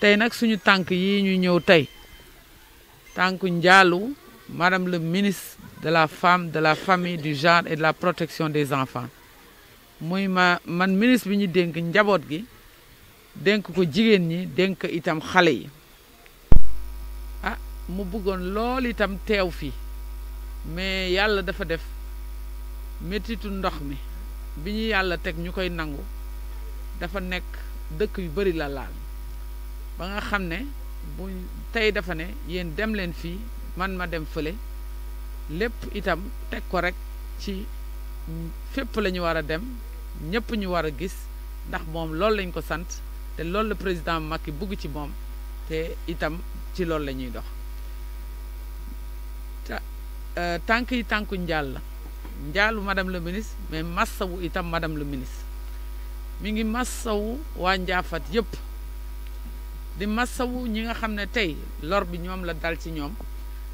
tey nag suñu tànk yi ñu ñëw tey tànk njaalu madame le ministre de la femme de la famille du genre et la protection des enfants muy ma man ministre bi ñu dénk njaboot gi dénk ko jigéen ñi dénk itam xale yi ah mu bëggoon lool itam teew fii mais yàlla dafa def métitu ndox mi bi ñu yàlla teg ñu koy nangu dafa nekk dëkk yu bari la laal ba nga xam ne bu tey dafa ne yéen dem leen fii man ma dem fële lépp itam teg ko rek ci fépp la war a dem ñépp ñu war a gis ndax moom loolu lañ ko sant te loolu la président Macky bugg ci moom te itam ci loolu la ñuy dox euh, tànk yi tànku njaal la njaalu madame le ministre mais massawu itam madame le ministre mi ngi massawu waa njaafat yépp di masawu ñi nga xam ne tey lor bi ñoom la dal ci ñoom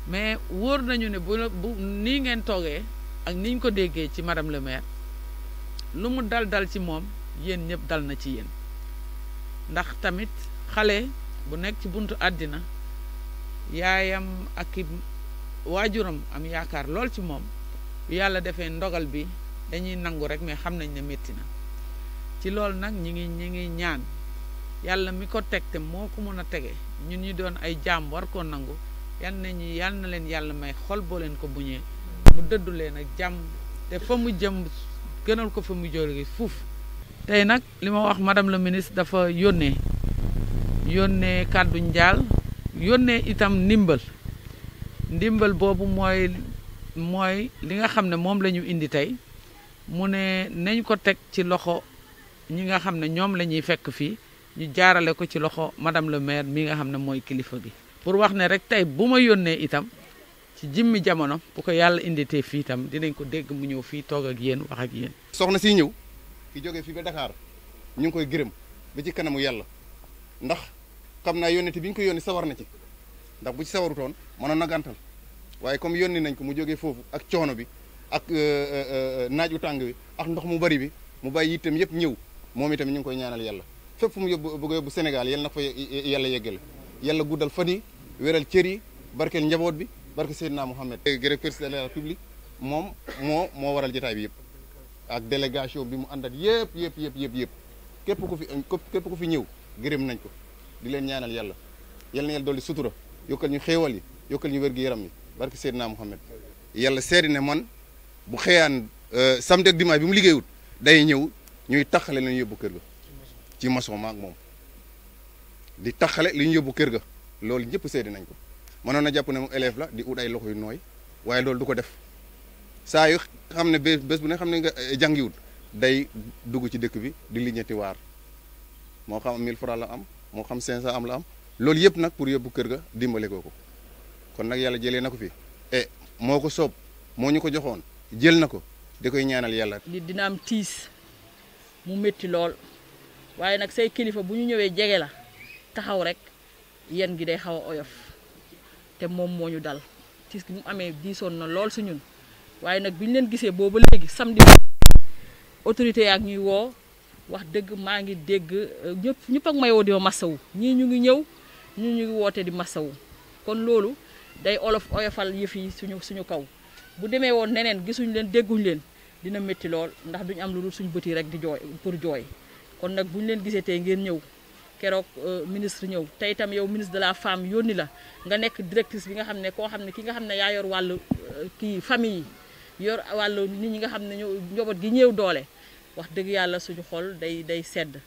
mais wóor nañu ne bu bu nii ngeen toogee ak niñ ko déggee ci maram le maire lu mu dal dal ci moom yéen ñëpp dal na ci yéen ndax tamit xale bu nekk ci buntu àddina yaayam ak i waajuram am yaakaar lool ci moom yàlla defee ndogal bi dañuy nangu rek mais xam nañ ne métti na ci loolu nag ñi ngi ñi ngi ñaan yàlla mi ko teg te moo ko mën a tege ñun ñu doon ay jaam war koo nangu yal nañu yal na leen yàlla may xol boo leen ko buñee mu dëddu leen ak jàmm te fa mu jëm gënal ko fa mu jóge fuuf tey nag li ma wax madam la ministre dafa yónnee yónnee kàddu njaal yónnee itam ndimbal ndimbal boobu mooy mooy li nga xam ne moom la ñu indi tey mu ne nañ ko teg ci loxo ñi nga xam ne ñoom la ñuy fekk fii ñu jaarale ko ci loxo madame le maire mi nga xam ne mooy kilifa bi pour wax ne rek tey bu ma yónnee itam ci jimmi jamono bu ko yàlla inditee fii itam dinañ ko dégg mu ñëw fii toog ak yéen wax ak yéen soxna siy ñëw ki jógee fii ba Dakar ñu ngi koy gërëm ba ci kanamu yàlla ndax xam naa yónneti bi ñu ko yónni sawar na ci ndax bu ci sawarutoon mënoon na gàntal waaye comme yónni nañ ko mu jógee foofu ak coono bi ak euh, euh, euh, naaju tàng bi ak ndox mu bari bi mu bàyyi itam yëpp ñëw moom itam ñu ngi koy ñaanal yàlla fépp mu yóbbu bëgg yóbbu Sénégal yal na ko fa yàlla yeggale yàlla guddal fan yi wéral cër yi barkeel njaboot bi barke Seydina Mohamed gré président de la République moom moo moo waral jotaay bi yëpp ak délégation bi mu ànd yëpp yëpp yëpp yëpp yëpp képp ku fi képp ku fi ñëw gërëm nañ ko di leen ñaanal yàlla yal na yàlla dolli sutura yokkal ñu xéewal yi yokkal ñu wér-gu-yaram yi barke Seydina Mohamed yàlla seeri ne man bu xëyaan euh, samedi ak dimanche bi mu liggéeyut day ñëw ñuy taxale nañu yóbbu kër ga ci maçon maak moom di taxale li ñu yóbbu kër ga loolu ñëpp seede nañ ko mënoon na jàpp ne élève la di ut ay loxo yu nooy waaye loolu du ko def saa yu xam ne bés bu ne xam ne nga eh, jàngiwut day dugg ci dëkk bi di liñetti waar moo xam 1000 francs la am moo xam 500 am la am loolu yëpp nag pour yóbbu kër ga dimbale ko ko kon nag yàlla jëlee na ko fi e moo ko soob moo ñu ko joxoon jël na ko di koy ñaanal yàlla. di dina am tiis mu métti lool. waaye nag say kilifa bu ñu ñëwee jege la taxaw rek yen gi day xaw a oyof te moom moo ñu dal tiis mu amee diisoon na lool su ñun waaye nag bi ñu leen gisee booba léegi samedi autorité yaak ñuy woo wax dëgg maa ngi dégg euh, ñëpp ñëpp ak may woo di ma masawu ñii ñu ngi ñëw ñu ngi woote di masawu kon loolu day olof oyofal yëf yi suñu suñu kaw bu demee woon neneen gisuñu leen dégguñu leen dina métti lool ndax duñu am lu dul suñu bët yi rek di jooy pour jooy kon nag bu ñu leen gisee tey ngeen ñëw keroog euh, ministre ñëw tey itam yow ministre de la femme yónni la nga nekk directrice bi nga xam ne koo xam ne ki nga xam ne yaa yor wàllu euh, kii famille yi yor wàll nit ñi nga xam ne ñoo njaboot gi ñëw doole wax dëgg yàlla suñu xol day day sedd.